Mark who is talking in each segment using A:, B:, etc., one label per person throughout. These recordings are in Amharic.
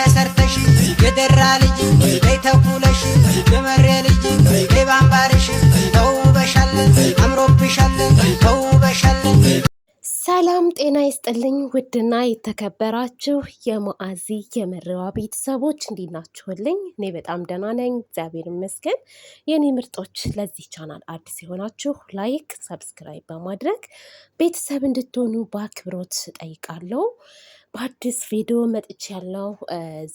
A: ተሰርተሽ የደራ ልጅ በይ ተኩለሽ የመሬ ልጅ ባንባርሽ ባምባርሽ ተውበሻለን አምሮብሻለን ተውበሻለን።
B: ሰላም ጤና ይስጥልኝ። ውድና የተከበራችሁ የማአዚ የመሪዋ ቤተሰቦች እንዴት ናችሁልኝ? እኔ በጣም ደህና ነኝ፣ እግዚአብሔር ይመስገን። የእኔ ምርጦች፣ ለዚህ ቻናል አዲስ የሆናችሁ ላይክ፣ ሰብስክራይብ በማድረግ ቤተሰብ እንድትሆኑ በአክብሮት እጠይቃለሁ። በአዲስ ቪዲዮ መጥቼ ያለው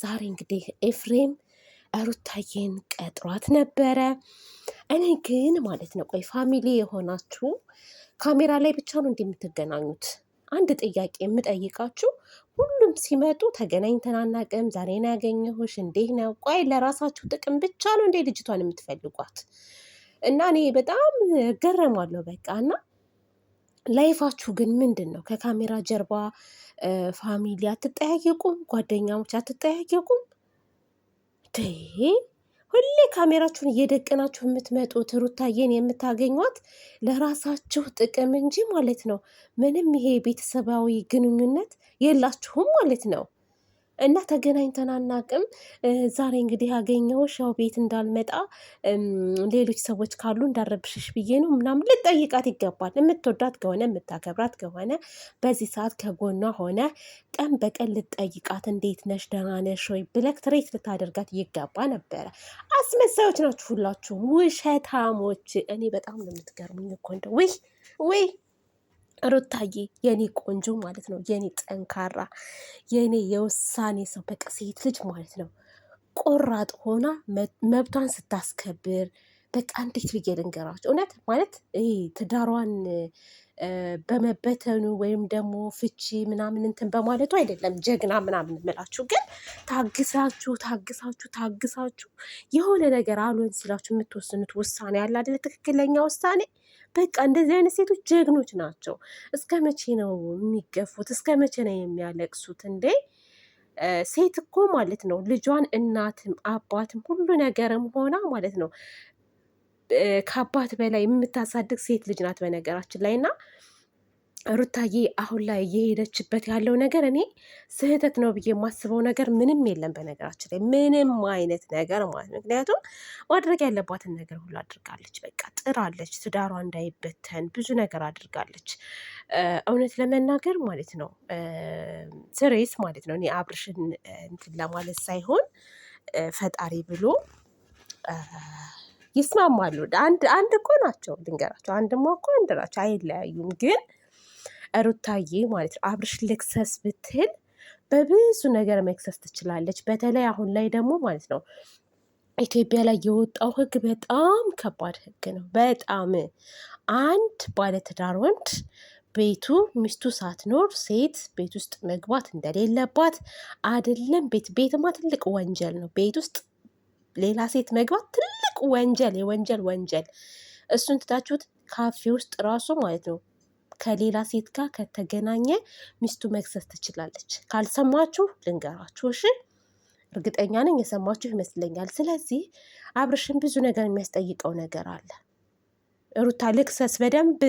B: ዛሬ እንግዲህ ኤፍሬም ሩታዬን ቀጥሯት ነበረ። እኔ ግን ማለት ነው ቆይ ፋሚሊ የሆናችሁ ካሜራ ላይ ብቻ ነው እንዲህ የምትገናኙት? አንድ ጥያቄ የምጠይቃችሁ ሁሉም ሲመጡ ተገናኝተን አናውቅም፣ ዛሬ ነው ያገኘሁሽ፣ እንዲህ ነው። ቆይ ለራሳችሁ ጥቅም ብቻ ነው እንዴ ልጅቷን የምትፈልጓት? እና እኔ በጣም እገረማለሁ በቃ እና ላይፋችሁ ግን ምንድን ነው? ከካሜራ ጀርባ ፋሚሊ አትጠያየቁም? ጓደኛሞች አትጠያየቁም? ሁሌ ካሜራችሁን እየደቀናችሁ የምትመጡት ሩታዬን የምታገኟት ለራሳችሁ ጥቅም እንጂ ማለት ነው። ምንም ይሄ ቤተሰባዊ ግንኙነት የላችሁም ማለት ነው። እና ተገናኝተን አናቅም። ዛሬ እንግዲህ ያገኘሁሽ ያው ቤት እንዳልመጣ ሌሎች ሰዎች ካሉ እንዳረብሽሽ ብዬ ነው ምናምን ልጠይቃት ይገባል። የምትወዳት ከሆነ የምታከብራት ከሆነ በዚህ ሰዓት ከጎኗ ሆነ ቀን በቀን ልጠይቃት፣ እንዴት ነሽ? ደህና ነሽ ወይ ብለክ ትሬት ልታደርጋት ይገባ ነበረ። አስመሳዮች ናችሁ ሁላችሁም፣ ውሸታሞች። እኔ በጣም ነው የምትገርሙኝ እኮ እንደው ውይ ውይ ሩታዬ የኔ ቆንጆ ማለት ነው፣ የኔ ጠንካራ፣ የኔ የውሳኔ ሰው በቃ ሴት ልጅ ማለት ነው ቆራጥ ሆና መብቷን ስታስከብር በቃ እንዴት ብዬ ልንገራቸው? እውነት ማለት ይህ ትዳሯን በመበተኑ ወይም ደግሞ ፍቺ ምናምን እንትን በማለቱ አይደለም ጀግና ምናምን የምላችሁ። ግን ታግሳችሁ ታግሳችሁ ታግሳችሁ የሆነ ነገር አልሆን ሲላችሁ የምትወስኑት ውሳኔ ያለ አይደለ? ትክክለኛ ውሳኔ በቃ እንደዚህ አይነት ሴቶች ጀግኖች ናቸው። እስከ መቼ ነው የሚገፉት? እስከ መቼ ነው የሚያለቅሱት? እንዴ ሴት እኮ ማለት ነው ልጇን እናትም አባትም ሁሉ ነገርም ሆና ማለት ነው ከአባት በላይ የምታሳድግ ሴት ልጅ ናት በነገራችን ላይ እና ሩታዬ አሁን ላይ እየሄደችበት ያለው ነገር እኔ ስህተት ነው ብዬ የማስበው ነገር ምንም የለም። በነገራችን ላይ ምንም አይነት ነገር ማለት ነው። ምክንያቱም ማድረግ ያለባትን ነገር ሁሉ አድርጋለች። በቃ ጥራለች፣ ትዳሯ እንዳይበተን ብዙ ነገር አድርጋለች። እውነት ለመናገር ማለት ነው ስሬስ ማለት ነው እኔ አብርሽን እንትን ለማለት ሳይሆን ፈጣሪ ብሎ ይስማማሉ። አንድ አንድ እኮ ናቸው። ልንገራቸው፣ አንድማ እኮ አንድ ናቸው። አይለያዩም ግን ሩታዬ ማለት ነው አብርሽ ልክሰስ ብትል በብዙ ነገር መክሰስ ትችላለች። በተለይ አሁን ላይ ደግሞ ማለት ነው ኢትዮጵያ ላይ የወጣው ህግ በጣም ከባድ ህግ ነው። በጣም አንድ ባለትዳር ወንድ ቤቱ ሚስቱ ሳትኖር ሴት ቤት ውስጥ መግባት እንደሌለባት አይደለም። ቤት ቤትማ ትልቅ ወንጀል ነው። ቤት ውስጥ ሌላ ሴት መግባት ትልቅ ወንጀል፣ የወንጀል ወንጀል። እሱን ትታችሁት ካፌ ውስጥ ራሱ ማለት ነው ከሌላ ሴት ጋር ከተገናኘ ሚስቱ መክሰስ ትችላለች። ካልሰማችሁ ልንገራችሁ እሺ። እርግጠኛ ነኝ የሰማችሁ ይመስለኛል። ስለዚህ አብርሽን ብዙ ነገር የሚያስጠይቀው ነገር አለ። ሩታ ልክሰስ በደንብ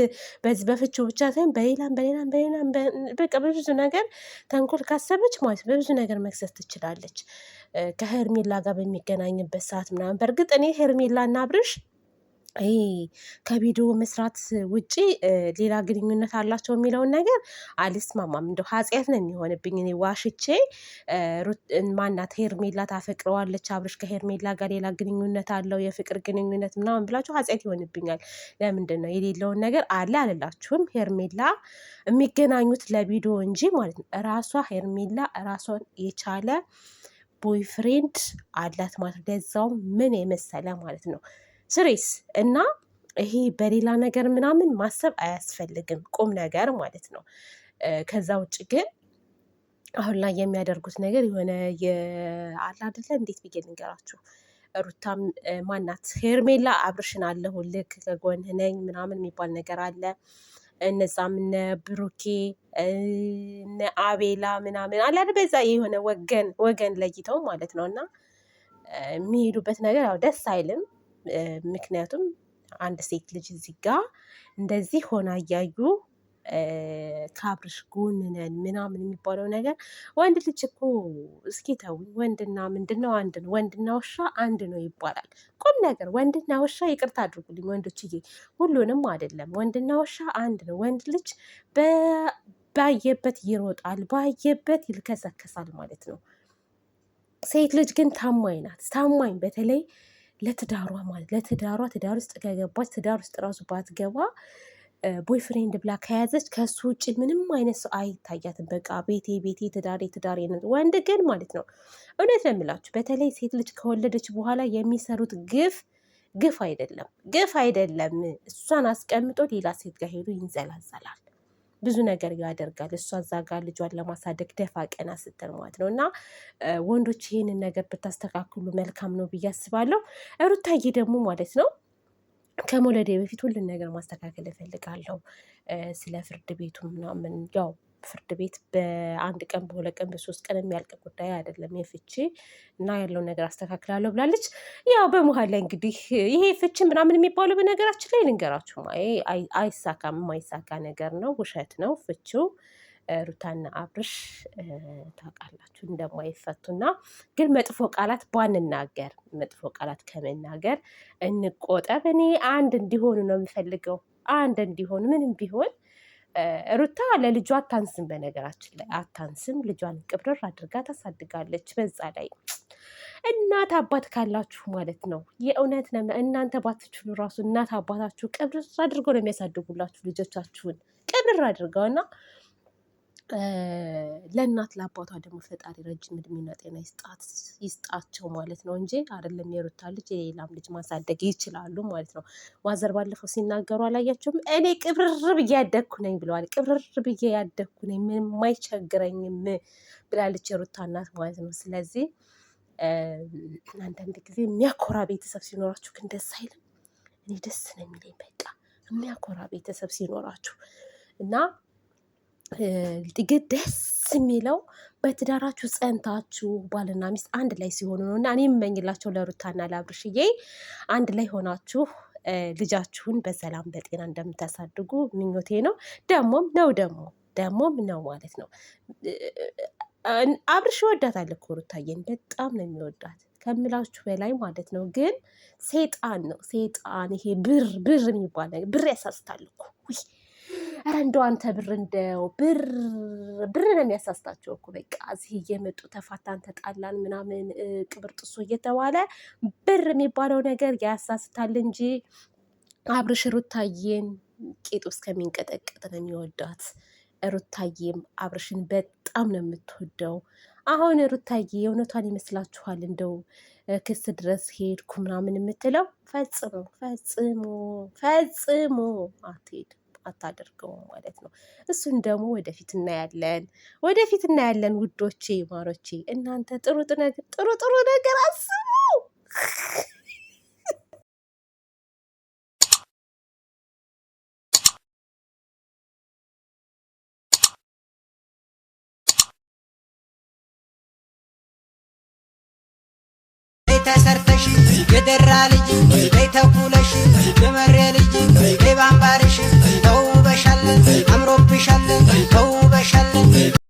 B: በዚህ በፍቺው ብቻ ሳይሆን በሌላም በሌላም በሌላም በቃ በብዙ ነገር ተንኮል ካሰበች ማለት በብዙ ነገር መክሰስ ትችላለች። ከሄርሜላ ጋር በሚገናኝበት ሰዓት ምናምን በእርግጥ እኔ ሄርሜላ እና አብርሽ ይሄ ከቪዲዮ መስራት ውጪ ሌላ ግንኙነት አላቸው የሚለውን ነገር አልስማማም። እንደው ኃጢአት ነው የሚሆንብኝ እኔ ዋሽቼ ማናት ሄርሜላ ታፈቅረዋለች አብርሽ ከሄርሜላ ጋር ሌላ ግንኙነት አለው የፍቅር ግንኙነት ምናምን ብላችሁ ኃጢአት ይሆንብኛል። ለምንድን ነው የሌለውን ነገር አለ አለላችሁም? ሄርሜላ የሚገናኙት ለቪዲዮ እንጂ ማለት ነው። ራሷ ሄርሜላ ራሷን የቻለ ቦይፍሬንድ አላት ማለት ለዛውም ምን የመሰለ ማለት ነው ስሬስ እና ይሄ በሌላ ነገር ምናምን ማሰብ አያስፈልግም፣ ቁም ነገር ማለት ነው። ከዛ ውጭ ግን አሁን ላይ የሚያደርጉት ነገር የሆነ የአላ አይደለ እንዴት ብዬ ልንገራችሁ ሩታም ማናት ሄርሜላ አብርሽን አለሁ ልክ ከጎንህ ነኝ ምናምን የሚባል ነገር አለ። እነዛም እነ ብሩኬ እነ አቤላ ምናምን አለ በዛ የሆነ ወገን ወገን ለይተው ማለት ነው እና የሚሄዱበት ነገር ያው ደስ አይልም። ምክንያቱም አንድ ሴት ልጅ እዚህ ጋ እንደዚህ ሆና እያዩ ከአብርሽ ጎን ነን ምናምን የሚባለው ነገር ወንድ ልጅ እኮ እስኪ ተው፣ ወንድና ምንድን ነው አንድ ነው፣ ወንድና ውሻ አንድ ነው ይባላል። ቁም ነገር ወንድና ውሻ ይቅርታ አድርጉልኝ ወንዶችዬ፣ ሁሉንም አይደለም። ወንድና ውሻ አንድ ነው። ወንድ ልጅ ባየበት ይሮጣል፣ ባየበት ይልከሰከሳል ማለት ነው። ሴት ልጅ ግን ታማኝ ናት። ታማኝ በተለይ ለትዳሯ ማለት ለትዳሯ ትዳር ውስጥ ከገባች ትዳር ውስጥ ራሱ ባትገባ ቦይፍሬንድ ብላ ከያዘች ከሱ ውጭ ምንም አይነት ሰው አይታያትም። በቃ ቤቴ ቤቴ፣ ትዳሬ ትዳሬ ነው። ወንድ ግን ማለት ነው እውነት ነው በተለይ ሴት ልጅ ከወለደች በኋላ የሚሰሩት ግፍ ግፍ አይደለም፣ ግፍ አይደለም። እሷን አስቀምጦ ሌላ ሴት ጋር ሄዱ ይንዘላዘላል። ብዙ ነገር ያደርጋል። እሷ እዛ ጋር ልጇን ለማሳደግ ደፋ ቀና ስትል ማለት ነው። እና ወንዶች ይህንን ነገር ብታስተካክሉ መልካም ነው ብዬ አስባለሁ። ሩታዬ ደግሞ ማለት ነው ከመውለዴ በፊት ሁሉን ነገር ማስተካከል እፈልጋለሁ። ስለ ፍርድ ቤቱ ምናምን ያው ፍርድ ቤት በአንድ ቀን በሁለት ቀን በሶስት ቀን የሚያልቅ ጉዳይ አይደለም። የፍቺ እና ያለውን ነገር አስተካክላለሁ ብላለች። ያው በመሀል ላይ እንግዲህ ይሄ ፍቺ ምናምን የሚባለው በነገራችን ላይ ልንገራችሁ አይሳካም፣ የማይሳካ ነገር ነው፣ ውሸት ነው ፍቺው ሩታና አብርሽ ታውቃላችሁ እንደማይፈቱና ግን መጥፎ ቃላት ባንናገር መጥፎ ቃላት ከመናገር እንቆጠብ። እኔ አንድ እንዲሆኑ ነው የምፈልገው። አንድ እንዲሆኑ ምንም ቢሆን ሩታ ለልጇ አታንስም፣ በነገራችን ላይ አታንስም። ልጇን ቅብርር አድርጋ ታሳድጋለች። በዛ ላይ እናት አባት ካላችሁ ማለት ነው የእውነት ነ እናንተ ባትችሉ ራሱ እናት አባታችሁ ቅብርር አድርገው ነው የሚያሳድጉላችሁ ልጆቻችሁን ቅብርር አድርገው እና ለእናት ለአባቷ ደግሞ ፈጣሪ ረጅም እድሜና ጤና ይስጣቸው ማለት ነው እንጂ አይደለም የሩታ ልጅ የሌላም ልጅ ማሳደግ ይችላሉ ማለት ነው። ማዘር ባለፈው ሲናገሩ አላያቸውም? እኔ ቅብርር ብዬ ያደግኩ ነኝ ብለዋል። ቅብርር ብዬ ያደግኩ ነኝ ምንም አይቸግረኝም ብላለች የሩታ እናት ማለት ነው። ስለዚህ አንዳንድ ጊዜ የሚያኮራ ቤተሰብ ሲኖራችሁ ግን ደስ አይልም? እኔ ደስ ነው የሚለኝ በቃ የሚያኮራ ቤተሰብ ሲኖራችሁ እና ግን ደስ የሚለው በትዳራችሁ ጸንታችሁ ባልና ሚስት አንድ ላይ ሲሆኑ ነው። እና እኔ የምመኝላቸው ለሩታና ለአብርሽዬ አንድ ላይ ሆናችሁ ልጃችሁን በሰላም በጤና እንደምታሳድጉ ምኞቴ ነው። ደግሞም ነው ደግሞ ደግሞም ነው ማለት ነው። አብርሽ ይወዳታል እኮ ሩታዬን በጣም ነው የሚወዳት ከምላችሁ በላይ ማለት ነው። ግን ሴጣን ነው ሴጣን። ይሄ ብር ብር የሚባል ነገር ብር ያሳስታል እኮ ኧረ እንደው አንተ ብር እንደው ብር ብር ነው የሚያሳስታቸው እኮ በቃ እዚህ እየመጡ ተፋታን፣ ተጣላን፣ ምናምን ቅብር ጥሱ እየተባለ ብር የሚባለው ነገር ያሳስታል እንጂ አብርሽ ሩታዬን ቄጡ እስከሚንቀጠቀጥ ነው የሚወዳት። ሩታዬም አብርሽን በጣም ነው የምትወደው። አሁን ሩታዬ የእውነቷን ይመስላችኋል? እንደው ክስ ድረስ ሄድኩ ምናምን የምትለው ፈጽሞ ፈጽሞ ፈጽሞ አትሄድም። አታደርገውም ማለት ነው። እሱን ደግሞ ወደፊት እናያለን፣ ወደፊት እናያለን። ውዶቼ ማሮቼ፣ እናንተ ጥሩ ጥሩ ጥሩ ነገር አስቡ።
A: ተሰርተሽ የደራ ልጅ አምሮብሻል ተውበሻል